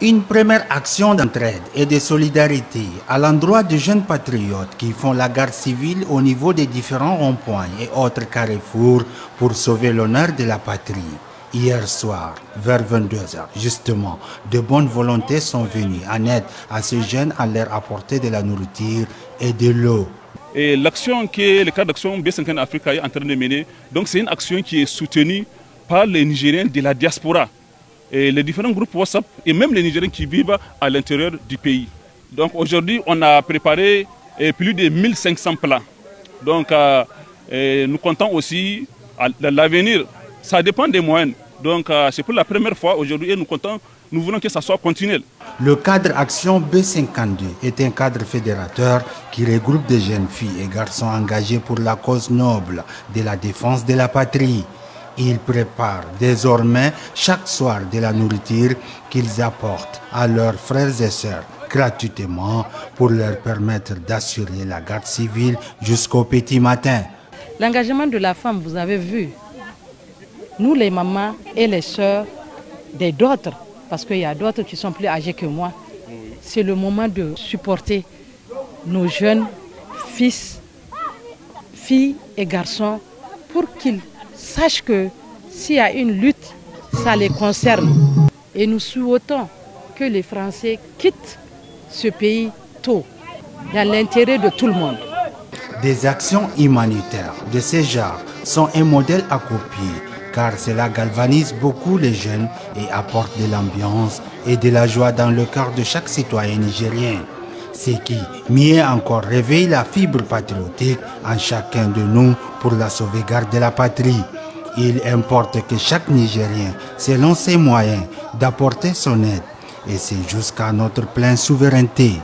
Une première action d'entraide et de solidarité à l'endroit des jeunes patriotes qui font la garde civile au niveau des différents ronds-points et autres carrefours pour sauver l'honneur de la patrie. Hier soir, vers 22h, justement, de bonnes volontés sont venues en aide à ces jeunes à leur apporter de la nourriture et de l'eau. Et l'action que le cadre d'action b n Africa est en train de mener, donc c'est une action qui est soutenue par les Nigériens de la diaspora les différents groupes WhatsApp et même les Nigériens qui vivent à l'intérieur du pays. Donc aujourd'hui, on a préparé eh, plus de 1500 plats. Donc euh, nous comptons aussi à l'avenir. Ça dépend des moyens. Donc euh, c'est pour la première fois aujourd'hui et nous comptons, nous voulons que ça soit continuel. Le cadre Action B52 est un cadre fédérateur qui regroupe des jeunes filles et garçons engagés pour la cause noble de la défense de la patrie. Ils préparent désormais chaque soir de la nourriture qu'ils apportent à leurs frères et sœurs gratuitement pour leur permettre d'assurer la garde civile jusqu'au petit matin. L'engagement de la femme, vous avez vu, nous les mamans et les sœurs des d'autres, parce qu'il y a d'autres qui sont plus âgés que moi, c'est le moment de supporter nos jeunes fils, filles et garçons pour qu'ils Sache que s'il y a une lutte, ça les concerne. Et nous souhaitons que les Français quittent ce pays tôt, dans l'intérêt de tout le monde. Des actions humanitaires de ce genre sont un modèle à copier car cela galvanise beaucoup les jeunes et apporte de l'ambiance et de la joie dans le cœur de chaque citoyen nigérien ce qui, mieux encore, réveille la fibre patriotique en chacun de nous pour la sauvegarde de la patrie. Il importe que chaque Nigérien, selon ses moyens, d'apporter son aide, et c'est jusqu'à notre pleine souveraineté.